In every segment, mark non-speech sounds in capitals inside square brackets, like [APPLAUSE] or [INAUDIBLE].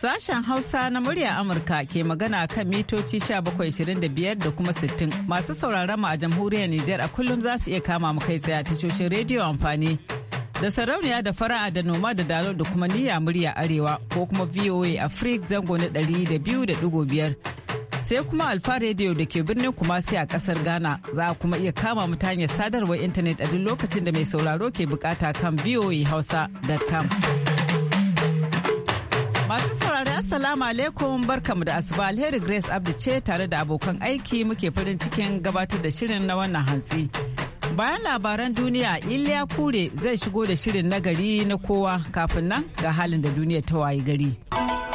Sashen Hausa na murya Amurka ke magana kan mitoci 1725 da kuma 60 masu sauraron mu a jamhuriyar Nijar a kullum za su iya kama mu kai tsaye a tashoshin rediyo amfani da sarauniya da fara'a da noma da dalo da kuma niyya murya arewa ko kuma VOA a Africa zango na 200.5 sai kuma alfa rediyo da ke birnin kumasi a kasar Ghana za a kuma iya kama mu ta hanyar sadarwar intanet a duk lokacin da mai sauraro ke bukata kan voahausa.com. saurari Assalamu alaikum barkamu da asuba alheri Grace Abdi ce tare da abokan aiki muke farin cikin gabatar da shirin na wannan hantsi. Bayan labaran duniya Iliya Kure zai shigo da shirin na gari na kowa kafin nan ga halin da duniya ta wayi gari.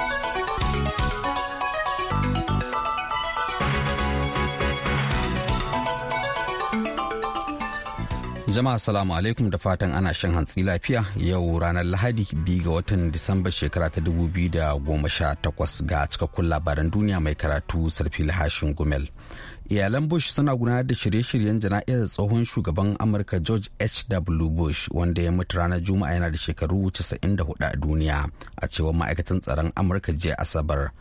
Jama'a salamu alaikum da fatan ana shan hantsi lafiya yau ranar Lahadi biyu ga watan Disamba shekara ta dubu biyu da goma sha takwas ga cikakkun labaran duniya mai karatu sarfi lahashin gumel. Iyalan Bush suna gudanar da shirye-shiryen jana'izar tsohon shugaban Amurka George H.W. Bush wanda ya mutu ranar Juma'a yana da shekaru 94 a duniya a cewar ma'aikatan tsaron Amurka jiya Asabar.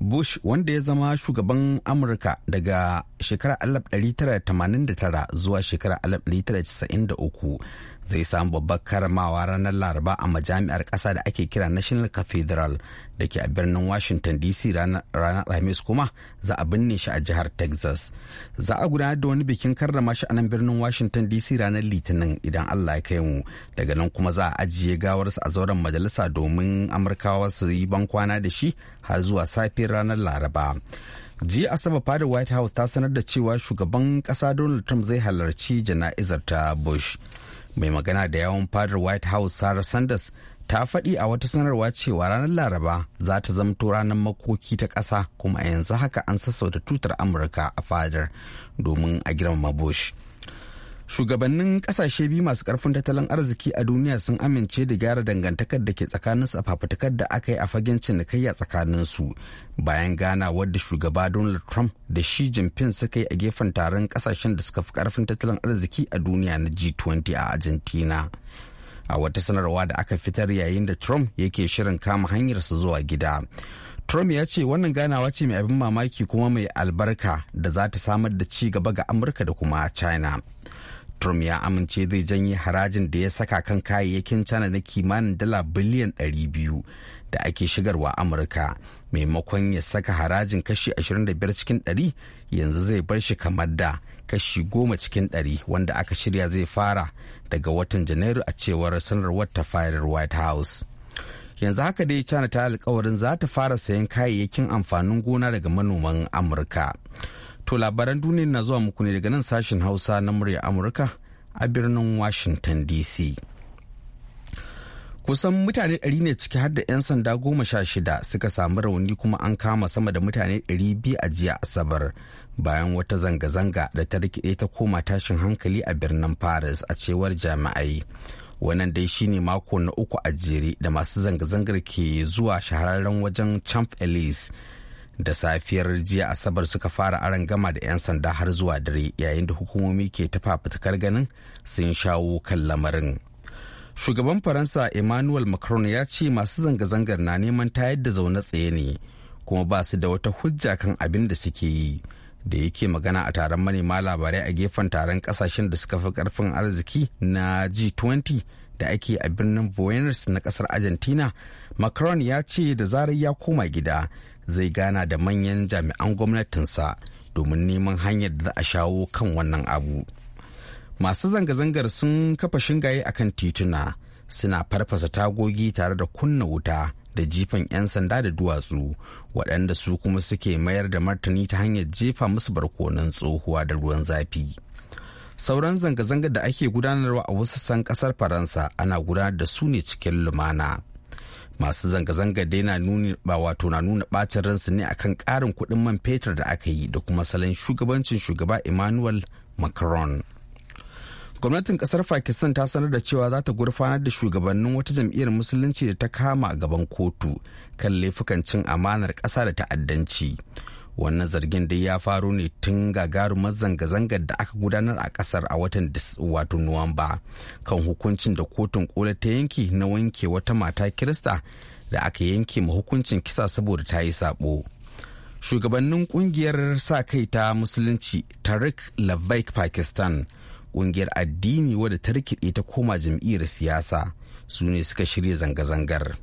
Bush wanda ya zama shugaban Amurka daga shekarar 1989 zuwa shekarar 1993 zai samu babbar karamawa ranar laraba a majami'ar ƙasa da ake kira national cathedral da ke a birnin washington dc ranar alhamis kuma za a binne shi a jihar texas za a gudanar da wani bikin karrama shi a nan birnin washington dc ranar litinin idan allah ya kai mu daga nan kuma za a ajiye gawarsa a zauren majalisa domin amurkawa su yi bankwana da shi har zuwa safe ranar laraba jiya asabar fadar white house ta sanar da cewa shugaban kasa donald trump zai halarci jana'izar ta bush mai magana da yawon fadar white house sarah sanders ta faɗi a wata sanarwa cewa ranar laraba za ta zamto ranar makoki ta ƙasa kuma a yanzu haka an sassauta tutar amurka a fadar domin a girmama bush shugabannin kasashe biyu masu karfin tattalin arziki a duniya sun amince da gyara dangantakar da ke tsakaninsu a fafutukar da aka yi a fagen cinikayya tsakanin su bayan gana wadda shugaba donald trump da shi jinping suka yi a gefen taron kasashen da suka fi karfin tattalin arziki a duniya na g20 a argentina a wata sanarwa da aka fitar yayin da trump yake shirin kama hanyarsa zuwa gida Trump ya ce wannan ganawa ce mai abin mamaki kuma mai albarka da za ta samar da ci gaba ga Amurka da kuma China. Trump ya amince zai janye harajin da ya saka kan kayayyakin cana na kimanin dala biliyan 200 da ake shigarwa Amurka. Maimakon ya saka harajin kashi 25 cikin 100 yanzu zai bar shi kamar da kashi 10 cikin 100 wanda aka shirya zai fara daga watan Janairu a cewar sanarwar ta fadar White House. Yanzu haka dai cana ta alkawarin za ta fara sayan kayayyakin amfanin gona daga manoman Amurka. To labaran duniya na zuwa muku ne daga nan sashen Hausa na murya Amurka a birnin Washington DC. Kusan mutane ɗari ne ciki har da 'yan sanda goma sha shida suka samu rauni kuma an kama sama da mutane ɗari biyu a jiya Asabar bayan wata zanga-zanga da ta rikide ta koma tashin hankali a birnin Paris a cewar jami'ai. wannan dai shine mako na uku a jere da masu zanga-zangar ke zuwa shahararren wajen champ elise da safiyar jiya asabar suka fara aron gama da 'yan sanda har zuwa dare yayin da hukumomi ke ta fafutukar ganin sun shawo kan lamarin shugaban faransa emmanuel macron ya ce masu zanga-zangar na neman tayar da zaune tsaye ne kuma ba su da wata hujja kan abin da suke yi da yake magana a taron manema labarai a gefen taron kasashen da suka fi karfin arziki na g20 da ake a birnin buenos na kasar argentina macron ya ce da zarar ya koma gida zai gana da manyan jami'an gwamnatinsa domin neman hanyar da za a shawo kan wannan abu masu zanga-zangar sun kafa shingaye akan tituna suna farfasa tagogi tare da kunna wuta da jifan 'yan sanda da duwatsu waɗanda su kuma suke mayar da martani ta hanyar jefa musu barkonon tsohuwa da ruwan zafi sauran zanga-zangar da ake gudanarwa a wasu san ƙasar faransa ana gudanar da su ne cikin lumana masu zanga-zanga dai na nuni ba wato na nuna bacin ransu ne akan karin kudin man fetur da aka yi da kuma salon shugabancin shugaba emmanuel macron gwamnatin kasar pakistan ta sanar da cewa za ta gurfanar da shugabannin wata jam'iyyar musulunci da ta kama gaban kotu kan laifukan cin amanar ƙasa da ta'addanci wannan zargin dai ya faru ne tun gagarumar zanga-zangar da aka gudanar a kasar a watan wato nuwamba kan hukuncin da kotun kola ta yanki na wanke wata mata kirista da aka yanke ma hukuncin kisa saboda ta yi sabo shugabannin kungiyar sa kai ta musulunci tarik labbaik pakistan kungiyar addini wadda ta rikide ta koma jam'iyyar siyasa su ne suka shirya zanga-zangar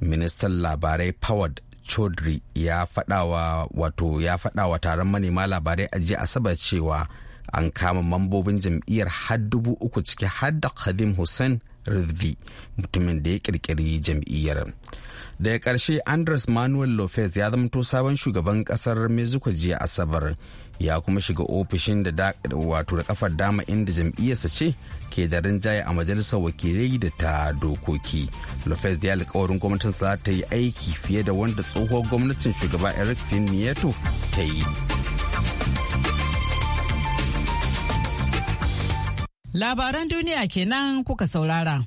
ministan labarai Pawad Chaudhry ya faɗawa wato ya faɗawa taron manema labarai a jiya Asabar cewa an kama mambobin jam'iyyar har dubu uku ciki har da Khadim Hussein Rizvi mutumin da ya kirkiri jam'iyyar. daga ƙarshe andres manuel lopez ya zamto sabon shugaban ƙasar mexico jiya asabar ya kuma shiga ofishin da wato da kafar dama inda jam'iyyarsa ce ke da rinjaye a majalisar wakilai da ta dokoki lopez ya alkawarin gwamnatin za ta yi aiki fiye da wanda tsohuwar gwamnatin shugaba eric nieto ta yi labaran duniya kenan kuka saurara.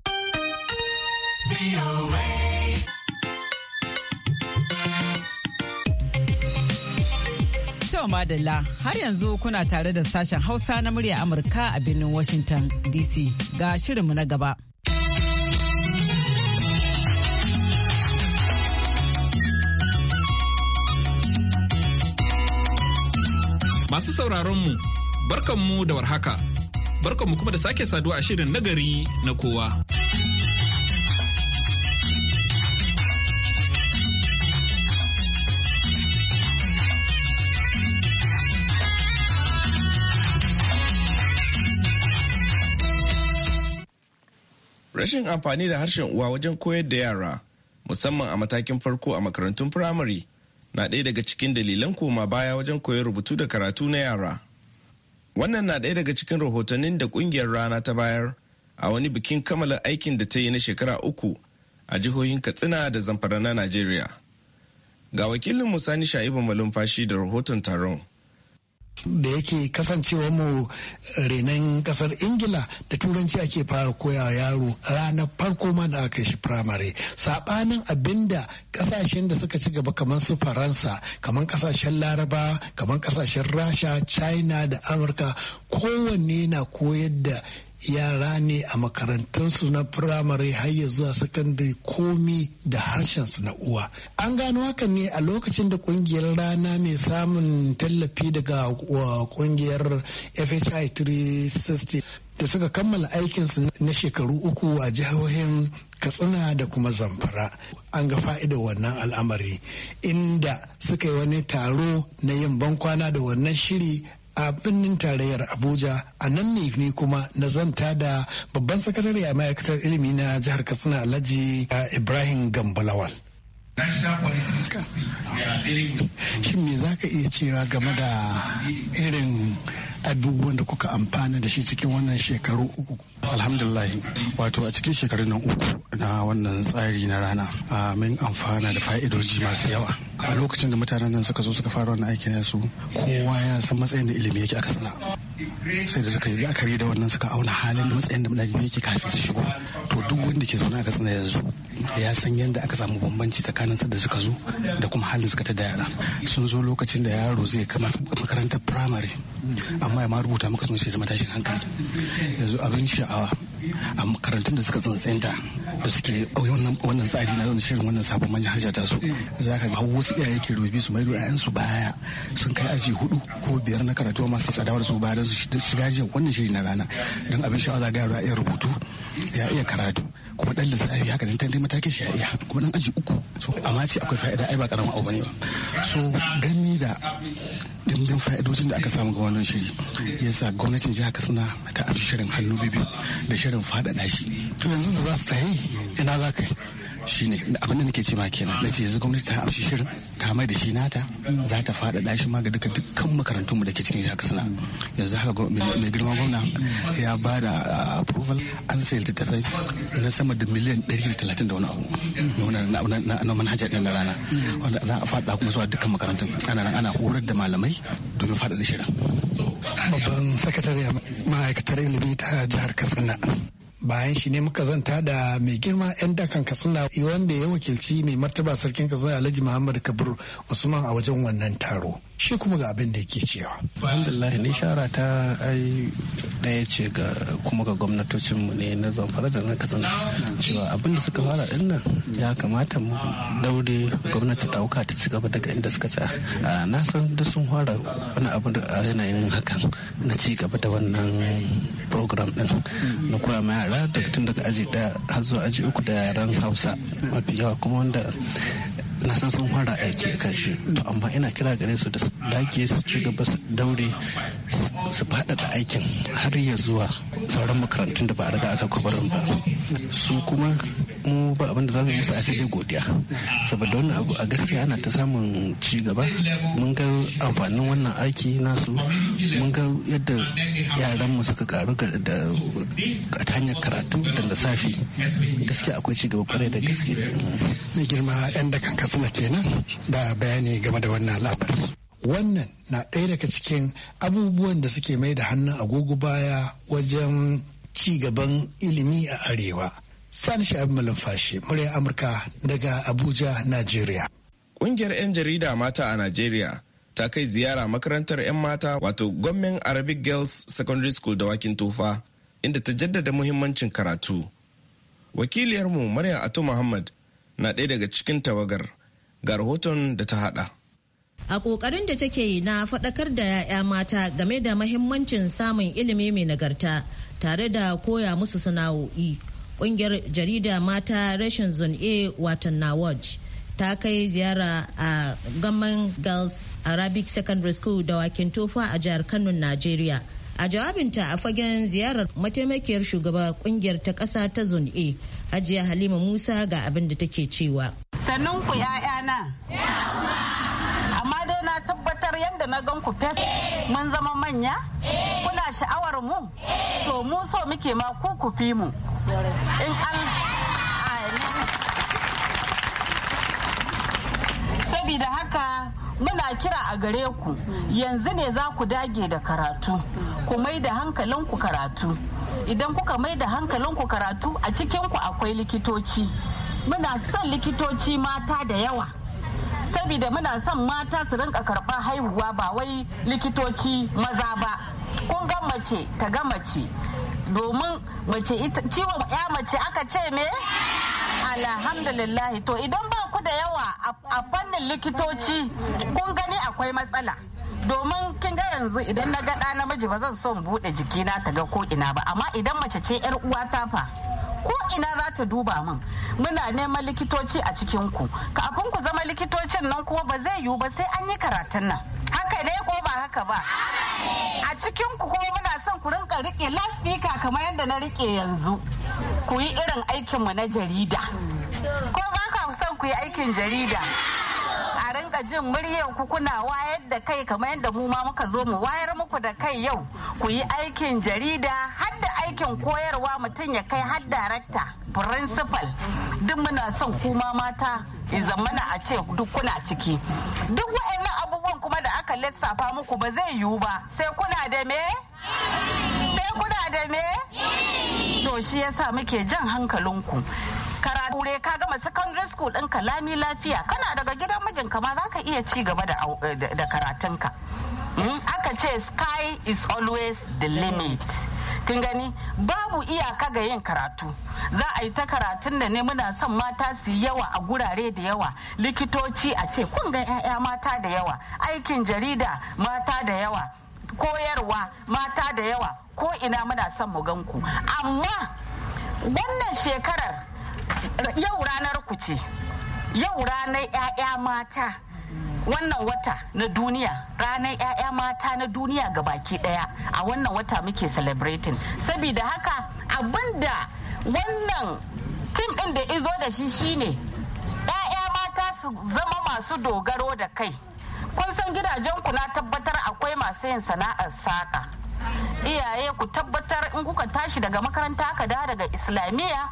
madalla har yanzu kuna tare da sashen Hausa na murya Amurka a birnin Washington DC ga shirinmu na gaba. Masu sauraronmu, barkanmu da warhaka, barkanmu kuma da sake saduwa a shirin nagari na kowa. Rashin amfani da harshen uwa wajen koyar da yara, musamman a matakin farko a makarantun firamare, na ɗaya daga cikin dalilan koma baya wajen koyar rubutu da karatu na yara. Wannan na ɗaya daga cikin rahotannin da ƙungiyar rana ta bayar a wani bikin kammala aikin da ta yi na shekara uku a jihohin Katsina da Zamfara na Najeriya. Ga wakilin Musani Sha'ibu Malumfashi da rahoton taron. da yake kasancewa mu eh, renon kasar ingila da turanci ake fara koya yaro ranar farko ma da aka shi firamare sabanin abinda kasashen da suka ci gaba kamar su faransa kamar kasashen laraba kamar kasashen rasha china da amurka kowanne na koyar da yara ne a makarantunsu na firamare har ya zuwa sakandare komi da harshensu na uwa an gano hakan ne a lokacin da kungiyar rana mai samun tallafi daga kungiyar fhi 360 da suka kammala aikinsu na shekaru uku a jihohin katsina da kuma zamfara an ga fa'ida wannan al'amari inda suka yi wani taro na yin bankwana da wannan shiri a birnin tarayyar abuja a nan ne ne kuma na zanta da babban sakatare a ma'aikatar ilimi na jihar katsina alhaji ibrahim gambalawal shin me za ka iya cewa game da irin abubuwan da kuka amfana da shi cikin wannan shekaru uku alhamdulillah wato a cikin shekarun nan uku na wannan tsari na rana min amfana da fa'idoji masu yawa a lokacin da mutanen nan suka zo suka fara wannan aikin su kowa ya san matsayin da ilimi yake aka sana sai da suka yi la'akari da wannan suka auna halin da matsayin da ɗalibi yake kafin su shigo to duk wanda ke zaune a katsina yanzu ya san yadda aka samu bambanci tsakanin su da suka zo da kuma halin suka ta da yara sun zo lokacin da yaro zai kama makarantar firamare amma ya ma rubuta maka sun sai zama tashin hankali yanzu abin sha'awa a makarantun da suka tsantsanta da suke wannan tsari na wani shirin wannan sabon manhaja ta su za ka hau wasu iyaye ke rubi su maido yayan su baya sun kai aji hudu ko biyar na karatu masu tsadawar su ba da su shiga jiya wannan shiri na rana don abin sha'awa za a iya rubutu ya iya karatu kuma dan lissafi haka dan tantai matakin shari'a kuma dan aji uku so amma ce akwai fa'ida ai ba karama abu ba so gani da dimbin fa'idojin da aka samu ga wannan shiri yasa gwamnatin jiha Katsina ta amshi shirin hannu bibi da shirin faɗaɗa shi to yanzu da za su tayi ina za ka shine abin da nake ce ma kenan na ce yanzu gwamnati ta amshi shirin mai da shi nata za ta faɗaɗa shi ma ga duka dukkan makarantun mu da ke cikin shaka suna yanzu haka mai girma gwamna ya ba da ah, approval an sayar da tafai na sama da miliyan ɗari da talatin da wani abu na manhaja ɗin na rana wanda za a faɗa kuma zuwa dukkan makarantun ana nan ana horar da malamai domin faɗaɗa shirin. Babban sakatare ma'aikatar ilimi ta jihar Katsina. bayan shi ne muka zanta da mai girma yan dakan katsina wanda ya wakilci mai martaba sarkin katsina alhaji muhammad kabir usman a wajen wannan taro shi kuma ga abin da yake cewa alhamdulillah ne shara ta ai daya ce ga kuma ga gwamnatocinmu ne na zamfara da na kasan cewa abin da suka fara din nan ya kamata mu daure gwamnati dauka ta cigaba daga inda suka ta na san da sun fara wani abu da yanayin hakan na cigaba da wannan program din na koya ma yara daga tun daga aji daya har zuwa aji uku da yaran hausa mafi yawa kuma wanda na san sun fara aiki a kashi to amma ina kira gare su da dake su ci gaba su daure su faɗaɗa aikin har ya zuwa sauran makarantun da ba a riga aka kwabarin ba su kuma mu ba abin da za mu musu a sai godiya saboda wannan abu a gaskiya ana ta samun ci gaba mun ga amfanin wannan aiki nasu mun ga yadda yaran mu suka karu da ta hanyar karatu da lissafi gaskiya akwai ci gaba kwarai da gaske mai girma yan da kanka suna kenan da bayani game da wannan labarin wannan na ɗaya daga cikin abubuwan da suke mai da hannun agogo baya wajen ci gaban ilimi a arewa Sani Sha'ib Malumfashi, murya Amurka daga Abuja, Najeriya. Ƙungiyar 'yan jarida mata a Najeriya ta kai ziyara makarantar 'yan mata wato Gwamnan Arabic Girls Secondary School da Wakin Tufa, inda ta jaddada muhimmancin karatu. Wakiliyarmu Murya Atu Muhammad na ɗaya daga cikin tawagar ga rahoton da ta haɗa. a ƙoƙarin da take yi na faɗakar da 'ya'ya mata game da mahimmancin samun ilimi mai nagarta tare da koya musu sana'o'i kungiyar jarida mata rashin zone a watan nawaj ta kai ziyara a gaman girls arabic secondary school da wakin tofa a jihar kano nigeria a jawabinta a fagen ziyarar mataimakiyar shugaba kungiyar ta kasa ta zone a hajiya halima musa ga abin da take cewa sannan ku na amma dai na tabbatar yadda na gan ku fes mun zama manya? Kuna sha'awar mu? To mu so muke ma ku ku fi mu. In an Sabida haka muna kira a gare ku yanzu ne za ku dage da karatu ku mai da hankalinku karatu idan kuka mai da hankalinku karatu a cikinku akwai likitoci muna son likitoci mata da yawa saboda muna son mata su rinka karɓar haihuwa ba wai likitoci maza ba kun ga mace ta ga mace domin mace ciwon ya mace aka ce me alhamdulillah to idan ba ku da yawa a fannin likitoci kun gani akwai matsala domin kin ga yanzu idan na ga ɗa namiji ba zan son buɗe jikina ta ga ko ina ba amma idan mace ce 'yar uwa ta fa ko ina za ta duba min muna neman likitoci a cikin ku kafin ku zama likitocin nan kuma ba zai yiwu ba sai an yi karatun nan haka ne ko ba haka ba a cikin ku kuma muna son ku rinka rike laspika kamar yadda na rike yanzu ku yi irin aikinmu na jarida ko ba ka son ku yi aikin jarida Ka jin muryar ku kuna wayar da kai kamar yadda mu ma muka zo mu wayar muku da kai yau ku yi aikin jarida har da aikin koyarwa mutum ya kai har darakta principal duk muna son kuma mata zamana a ce duk kuna ciki duk wa'annan abubuwan kuma da aka lissafa muku ba zai yiwu ba sai kuna da me sai kuna da me to shi yasa muke jan hankalinku karatu ka gama secondary school din ka lami lafiya kana daga gidan ka ma zaka iya ci gaba da eh, karatun ka. Hmm? aka ce sky is always the limit kin gani babu iyaka ga yin karatu za a yi ta karatun da ne muna son mata su yawa a gurare da yawa likitoci a ce kun ga 'ya'ya mata da yawa aikin jarida mata da yawa koyarwa mata da yawa ko ina muna son mu ganku amma wannan shekarar yau ranar ku ce yau ranar 'ya'ya mata wannan wata na duniya ranar 'ya'ya mata na duniya ga baki daya a wannan wata muke celebrating saboda haka abinda wannan tim din da izo da shi shine 'ya'ya mata su zama masu dogaro da kai kun san gidajen ku na tabbatar akwai masu yin sana'ar saƙa iyaye ku tabbatar in kuka tashi daga makaranta ka da daga islamiyya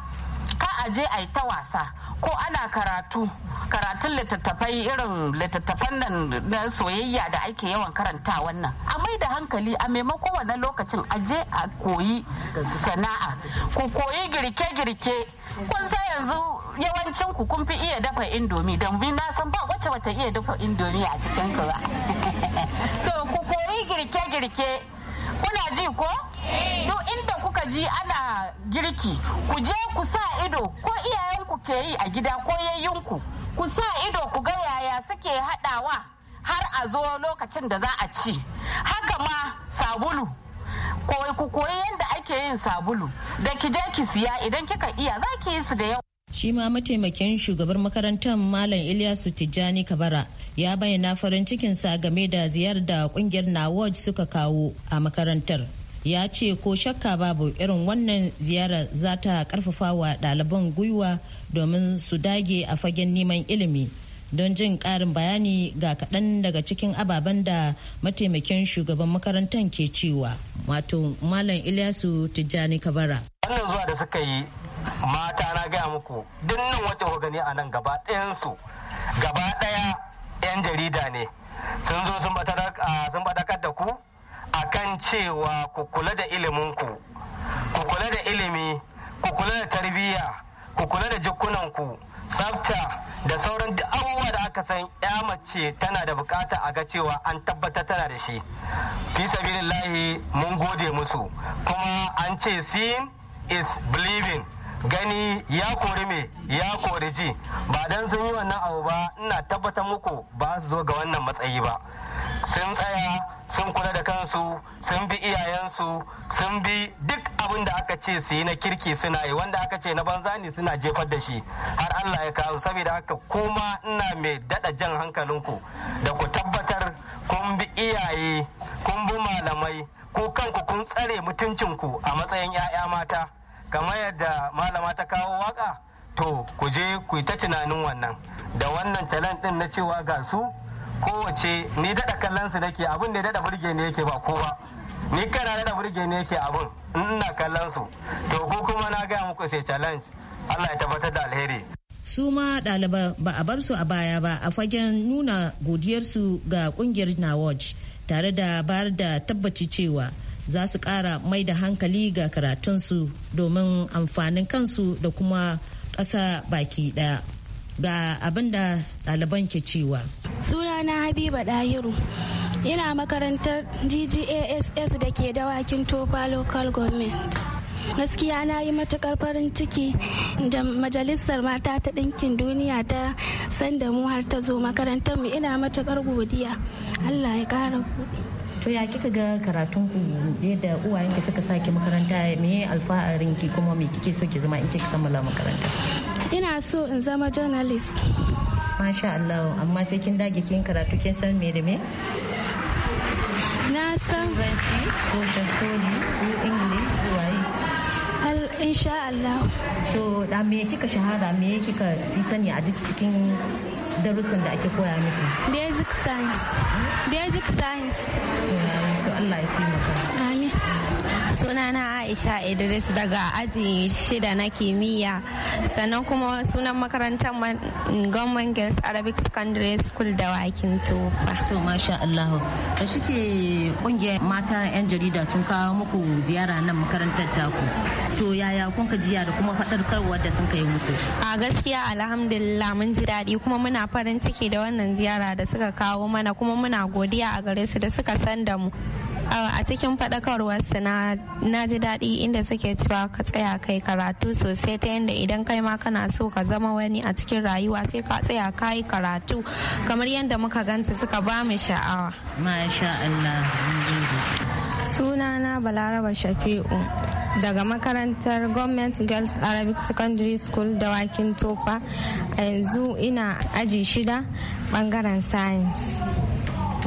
ka a a yi ta wasa ko ana karatu karatun littattafai irin littattafan nan na soyayya da ake yawan karanta wannan a mai da hankali a maimakon wani lokacin a je a koyi sana'a ku koyi girke-girke kun sa yanzu yawancin ku kun fi iya dafa indomi don bi na san ba wacce bata iya dafa indomi a cikin ku ba [LAUGHS] to ku koyi girke-girke kuna ji ko eh. duk inda kuka ji ana girki ku je ku sa ido ko iyayenku ke yi a gida ko yayyunku ku sa ido ku ga yaya suke haɗawa har a zo lokacin da za a ci haka ma sabulu ku koyi yadda ake yin sabulu da ki je ki siya idan kika iya za ki yi su da yawa Shi ma mataimakin shugabar makarantar Malam Ilyasu Tijjani Kabara ya bayyana farin cikinsa game da ziyarar da kungiyar Nawaj suka kawo a makarantar. Ya ce ko shakka babu irin wannan ziyara za ta karfafa wa ɗaliban gwiwa domin su dage a fagen neman ilimi. don jin ƙarin bayani ga kaɗan daga cikin ababen da mataimakin shugaban makarantar ke cewa wato malam ilyasu tijjani kabara zuwa da suka yi mata na gaya muku duk nan wacce ku gani a nan gaba ɗayansu gaba ɗaya 'yan jarida ne sun zo sun faɗakar da ku akan cewa ku kula da iliminku ku kula da ilimi ku kula da tarbiyya ku kula da jikunanku tsafta da sauran duk abubuwa da aka san ya mace tana da bukata a ga cewa an tabbatar tana da shi fi sabilillahi mun gode musu kuma an ce sin is believing gani ya kori me ya kori ji ba dan sun yi wannan abu ba ina tabbatar muku ba su zo ga wannan matsayi ba sun tsaya sun kula da kansu sun bi iyayensu sun bi duk abin da aka ce su yi na kirki suna yi wanda aka ce na banza ne suna jefar da shi har Allah ya kawo saboda haka kuma ina mai daɗa jan hankalinku da ku tabbatar kun bi iyaye kun bi malamai ko kanku kun tsare mutuncinku a matsayin 'ya'ya mata kamar yadda malama ta kawo waka to ku je ku yi ta tunanin wannan da wannan talan din na cewa ga su kowace ni dada kallon su nake abin da daɗa burge ne yake ba kowa ni kana daɗa burge ne yake abin ina kallon su to ku kuma na gaya muku sai challenge Allah ya tabbatar da alheri su ma ɗaliban ba a bar su a baya ba a fagen nuna godiyarsu ga kungiyar watch tare da bayar da tabbaci cewa za su kara mai da hankali ga karatunsu domin amfanin kansu da kuma ƙasa baki ɗaya ga abin da ɗaliban ke cewa. Sunana Habiba Ɗahiru. Ina makarantar GGASS da ke dawakin Tofa Local Government. gaskiya na yi matukar farin ciki da majalisar mata ta ɗinkin duniya ta sanda mu har ta zo makarantar mu ina matukar godiya allah ya kara to ya kika ga karatun ku yadda uwayen ki suka saki makaranta me alfaharin ki kuma me kike so ki zama in kika kammala makaranta ina so in zama journalist masha Allah amma sai kin dage kin karatu kin san me da me na san Turanci ko Shantoli ko English ko waye Al insha Allah to da me kika shahara me kika sani a duk cikin darussan da ake koya miki basic science basic science Allah ya taimaka sunana aisha idris daga aji shida na kimiyya sannan kuma sunan makarantar government girls arabic secondary school da wakin tufa to masha allahu da shike kungiyar mata yan jarida sun kawo muku ziyara nan makarantar taku to yaya kun ka jiya da kuma faɗarkarwa da sun kai muku a gaskiya alhamdulillah mun ji daɗi kuma muna farin ciki da wannan ziyara da suka kawo mana kuma muna godiya a gare su da suka san da mu a cikin faɗakarwarsu na ji daɗi inda suke cewa ka tsaya kai karatu sosai ta yadda idan kai ma kana so ka zama wani a cikin rayuwa sai ka tsaya kayi karatu kamar yadda muka ganta suka ba mu sha'awa. Sunana Balaraba Shafi'u daga makarantar Government Girls Arabic Secondary School da Wakin Tofa a yanzu ina aji shida bangaren science.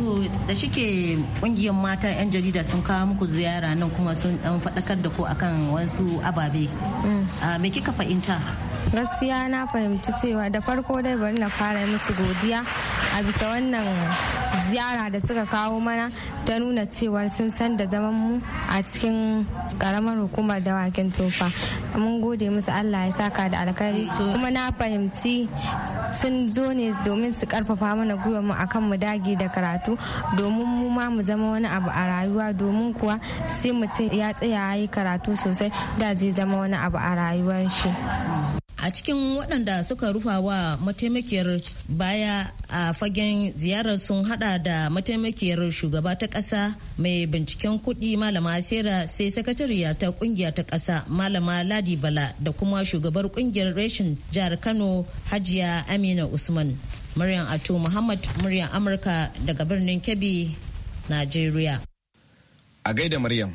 to da shike kungiyar mata 'yan jarida sun kawo muku ziyara nan kuma sun faɗakar da ku akan wasu ababe mm. ah, me kika fahimta gaskiya na fahimci cewa da farko dai bari na fara musu godiya a bisa wannan ziyara da suka kawo mana ta nuna cewar sun san da zaman mu a cikin karamar hukumar dawakin tofa mun gode musu allah ya saka da alkhairi kuma na fahimci sun zo ne domin su karfafa mana gwiwa mu akan mu dage da karatu domin mu ma mu zama wani abu a rayuwa domin kuwa sai mutum ya tsaya ya yi karatu sosai da zai zama wani abu a rayuwar shi a cikin waɗanda suka rufa wa mataimakiyar baya a fagen ziyarar sun hada da mataimakiyar shugaba ta ƙasa mai binciken kuɗi malama sera sai sakatariya ta ƙungiya ta ƙasa malama ladi bala da kuma shugabar ƙungiyar reshin jihar kano hajiya amina usman muryan ato muhammad muryan amurka daga birnin kebbi najeriya a gaida maryam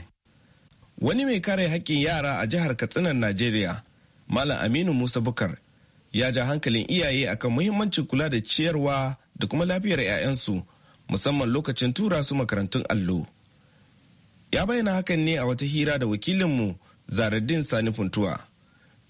wani mai kare haƙƙin yara a jihar katsinan najeriya Malam Aminu Musa Bukar ya ja hankalin iyaye akan muhimmancin kula da ciyarwa da kuma lafiyar 'ya'yansu musamman lokacin tura su makarantun allo. Ya bayyana hakan ne a wata hira da wakilinmu Zaradin Sani Funtuwa.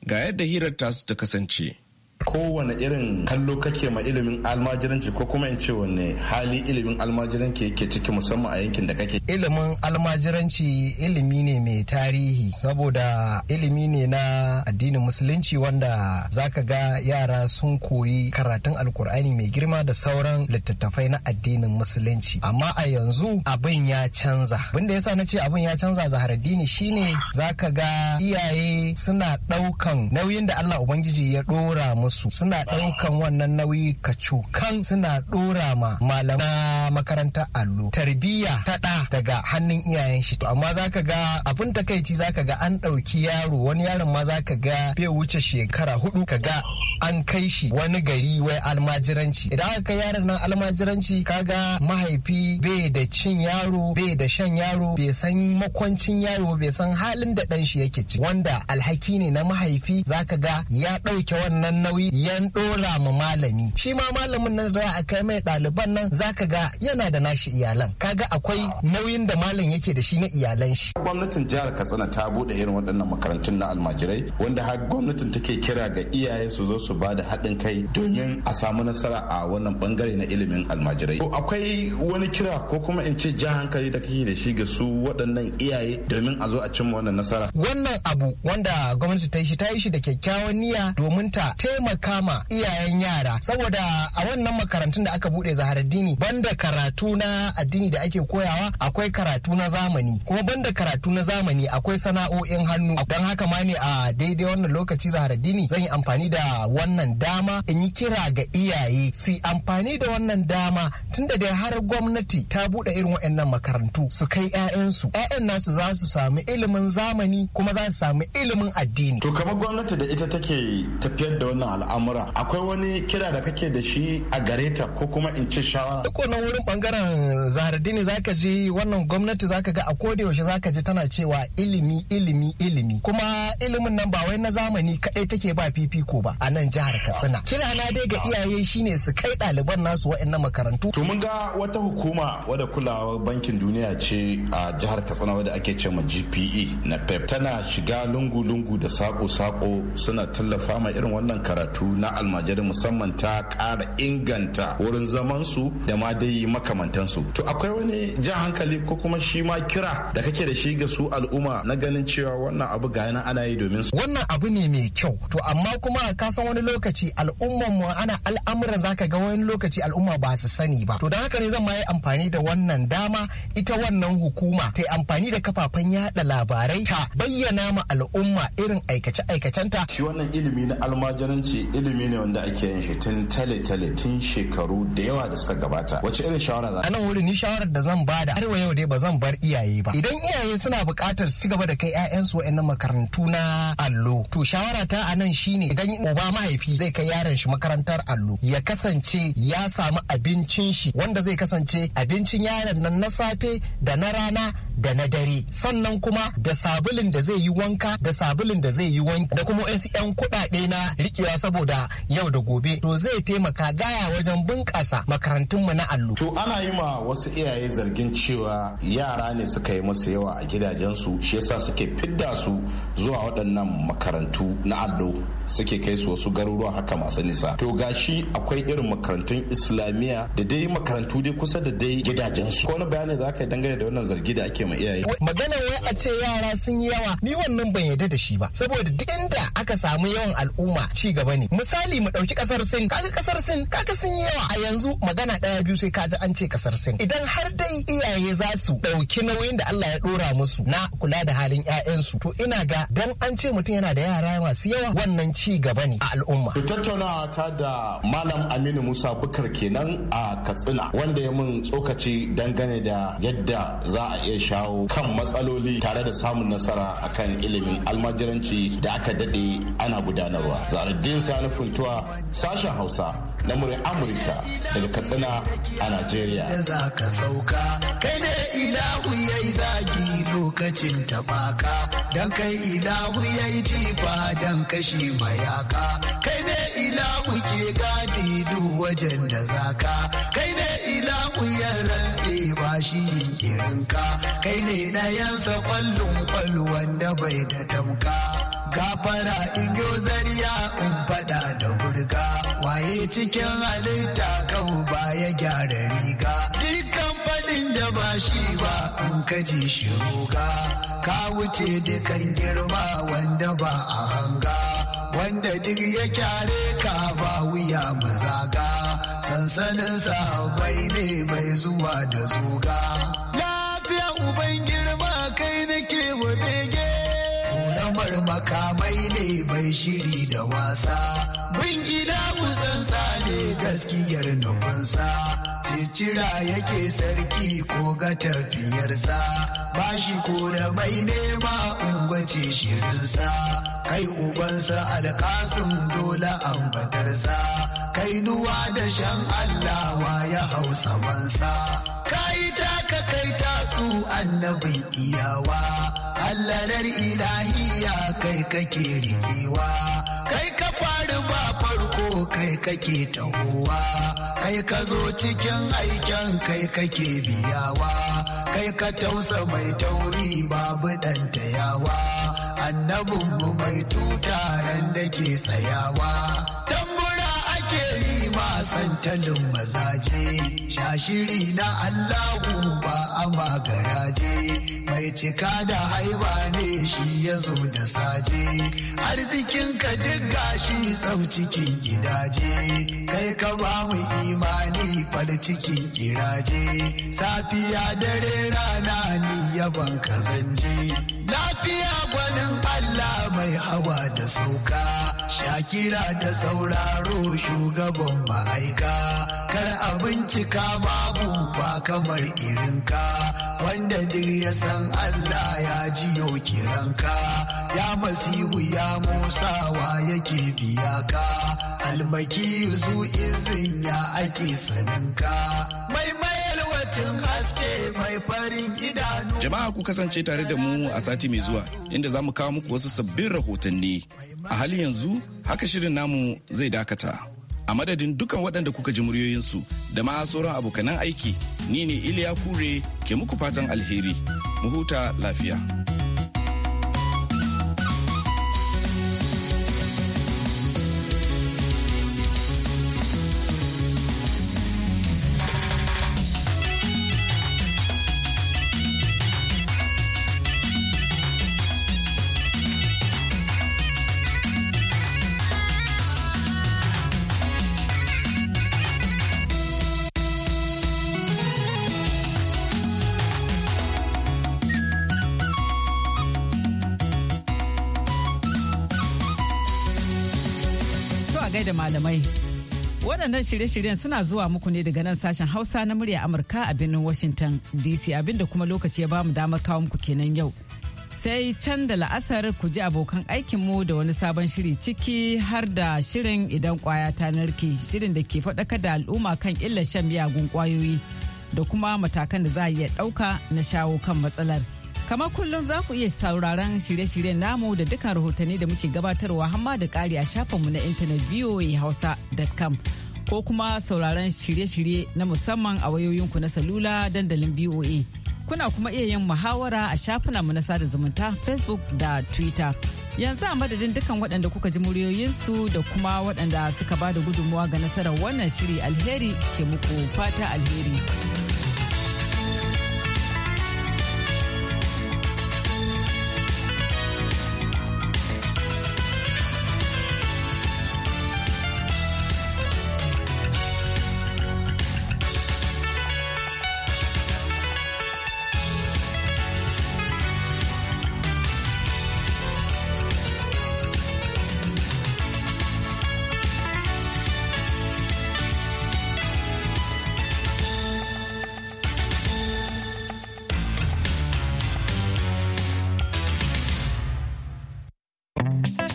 Ga yadda hirar tasu ta kasance. kowane irin kallo kake ma ilimin almajiranci ko kuma in ce wanne hali ilimin almajiranci yake ciki musamman a yankin da kake ilimin almajiranci ilimi ne mai tarihi saboda ilimi ne na addinin musulunci wanda zaka ga yara sun koyi karatun alkur'ani mai girma da sauran littattafai na addinin musulunci amma a yanzu abin ya canza abinda yasa na ce abin ya canza zahar addini shine zaka ga iyaye suna ɗaukan nauyin da Allah ubangiji ya ɗora musu su suna ɗaukan wannan nauyi Ka cukan suna ɗora ma malam na makaranta allo tarbiyya ta ɗa daga hannun iyayen shi amma zaka ga abin takaici zaka ga an ɗauki yaro wani yaron ma zaka ga bai wuce shekara hudu ka ga an kai shi wani gari wai almajiranci idan aka kai yaron nan almajiranci kaga mahaifi bai da cin yaro bai da shan yaro bai san makwancin yaro bai san halin da ɗan shi yake ci wanda alhaki ne na mahaifi zaka ga ya ɗauke wannan nauyi nauyi yan dora ma malami shi ma malamin nan za a kai mai ɗaliban nan zaka ga yana da nashi iyalan kaga akwai nauyin da malam yake da shi na iyalan shi gwamnatin jihar katsina ta bude irin waɗannan makarantun na almajirai wanda har gwamnatin take kira ga iyaye su zo su ba da haɗin kai domin a samu nasara a wannan bangare na ilimin almajirai akwai wani kira ko kuma in ce ja hankali da kake da shi ga su waɗannan iyaye domin a zo a cimma wannan nasara wannan abu wanda gwamnati ta yi shi ta yi shi da kyakkyawan niyya domin ta taimaka taimaka ma iyayen yara saboda a wannan makarantun da aka bude zaharaddini banda karatu na addini da ake koyawa akwai karatu na zamani kuma banda karatu na zamani akwai sana'o'in hannu don haka ma ne a daidai wannan lokaci zaharaddini zan yi amfani da wannan dama in yi kira ga iyaye su amfani da wannan dama tunda dai har gwamnati ta bude irin wa'annan makarantu su kai 'ya'yansu 'ya'yan nasu za su samu ilimin zamani kuma za su samu ilimin addini to kamar gwamnati da ita take tafiyar da wannan al'amura akwai wani kira da kake da shi a gare ta ko kuma in ce shawara duk wannan wurin bangaren zahardini zaka ji wannan gwamnati zaka ga a koda yaushe zaka ji tana cewa ilimi ilimi ilimi kuma ilimin nan ba wai na zamani kadai take ba fifiko ba a nan jihar Katsina kira na dai ga iyaye shine su kai ɗaliban nasu waɗannan makarantu to mun ga wata hukuma wadda kulawa bankin duniya ce a jihar Katsina wadda ake ce ma GPE na PEP tana shiga lungu lungu da sako sako suna tallafa ma irin wannan karatu karatu na almajirai musamman ta kara inganta wurin zamansu da ma dai makamantansu to akwai wani jan hankali ko kuma shi ma kira da kake da shi ga su al'umma na ganin cewa wannan abu ga yana ana yi domin su wannan abu ne mai kyau to amma kuma ka san wani lokaci al'umman mu ana al'amuran zaka ga wani lokaci al'umma ba su sani ba to don haka ne zan ma yi amfani da wannan dama ita wannan hukuma ta yi amfani da kafafen yada labarai ta bayyana ma al'umma irin aikace aikacenta shi wannan ilimi na almajiranci shi ilimi ne wanda ake yin shi tun tale-tale tun shekaru da yawa da suka gabata wace irin shawara za a nan wurin ni shawarar da zan bada har wa yau dai ba zan bar iyaye ba idan iyaye suna buƙatar su gaba da kai ƴaƴansu wa'annan makarantu na allo to shawara ta a nan shine idan uba mahaifi zai kai yaron shi makarantar allo ya kasance ya samu abincin shi wanda zai kasance abincin yaron nan na safe da na rana da na dare sannan kuma da sabulin da zai yi wanka da sabulin da zai yi wanki da kuma wasu 'yan kuɗaɗe na riƙewa saboda yau da gobe to zai taimaka gaya wajen bunkasa makarantun mu na allo. To ana yi ma wasu iyaye zargin cewa yara ne suka yi masa yawa a gidajensu shi yasa suke fidda su zuwa waɗannan makarantu na allo suke kai su wasu garuruwa haka masu nisa. To gashi akwai irin makarantun Islamiyya da dai makarantu dai kusa da dai gidajensu. Ko wani bayani za ka yi dangane da wannan zargi da ake ma iyaye? Magana wai a ce yara sun yi yawa ni wannan ban yarda da shi ba saboda duk inda aka samu yawan al'umma ci gaba bane misali mu dauki kasar sin kaga kasar sin kaga sun yi yawa a yanzu magana daya biyu sai kaji an ce kasar sin idan har dai iyaye za su dauki nauyin da Allah ya dora musu na kula da halin ƴaƴansu to ina ga dan an ce mutum yana da yara masu yawa wannan ci gaba ne a al'umma to tattaunawa ta da malam Aminu Musa Bukar kenan a Katsina wanda ya mun tsokaci dangane da yadda za a iya shawo kan matsaloli tare da samun nasara akan ilimin almajiranci da aka dade ana gudanarwa zaradin Sani Funtuwa sashen Hausa na murin Amurka daga Katsina a Najeriya. Da ka sauka, kai ne ilahu yi zagi lokacin tabaka, don kai ina ya yi jifa don kashi mayaka, kai ne ilahu ke gadi duk wajen da zaka, kai ne ilahu rantse ba shi yin kai ne ɗayansa kwallon kwal wanda bai da tamka. gafara igyo zariya in fada da burga waye cikin halitta kan ya gyara riga dukkan fadin da ba shi ba in kaji shi roga ka wuce dukan girma wanda ba a hanga wanda duk ya kyare ka ba wuya zaga sansanin sahabbai ne mai zuwa da zuga lafiya ubangiji makamai ne bai shiri da wasa bin gida kusansa ne gaskiyar nufinsa cicira yake sarki ko ga tafiyarsa ba shi ko da bai nema ungwace shirinsa kai ubansa alkasim dole ambatarsa kai nuwa da shan allawa ya hausa wansa kai taka kai tasu annabin iyawa allarar ilahiya kai kake rigewa kai ka faru ba farko kai kake tahowa kai ka zo cikin aikin kai kake biyawa kai ka tausa mai tauri babu annabin mu mai tutaren da ke tsayawa tambura ake yi masantalin mazaje shashiri na allahu ba amma garaje mai cika da haiba ne shi ya zo da saje arzikin ka digga shi tsau cikin gidaje kai ka ba mu imani far cikin kiraje safiya dare rana ni yaban ka zanje lafiya gwanin Allah mai hawa da sauka shakira da sauraro shugaban ma'aika kar a bincika babu ba kamar irinka wanda duk ya san Allah ya jiyo kiranka ya masihu ya musa wa yake ka almaki zu izin ya ake saninka mai wacin haske mai farin idanu jama'a ku kasance tare da mu a sati mai zuwa inda za mu kawo muku wasu sabbin rahotanni a halin yanzu haka shirin namu zai dakata a madadin dukan waɗanda kuka ji muryoyinsu da ma sauran abokanan aiki ni ne iliya kure ke muku fatan alheri mu huta lafiya. malamai. Waɗannan shirye-shiryen suna zuwa muku ne daga nan sashen Hausa na murya Amurka a birnin Washington DC abinda kuma lokaci ya bamu damar kawo muku kenan yau. Sai can da la'asar ku ji abokan aikinmu da wani sabon shiri ciki har da shirin idan kwaya ta narke shirin da ke faɗaka da al'umma kan illar shan miyagun kwayoyi da kuma matakan da za a iya ɗauka na shawo kan matsalar. Kamar kullum za ku iya sauraron shirye-shiryen namu da dukkan rahotanni da muke gabatarwa hamma da ƙari a shafinmu na intanet voahausa.com ko kuma sauraron shirye-shirye na musamman a wayoyinku na salula dandalin voa Kuna kuma iya yin muhawara a shafinmu na sada zumunta Facebook da Twitter. Yanzu a madadin dukkan waɗanda kuka ji muryoyinsu da kuma waɗanda suka ba da gudunmawa ga nasarar wannan shiri alheri ke muku fata alheri.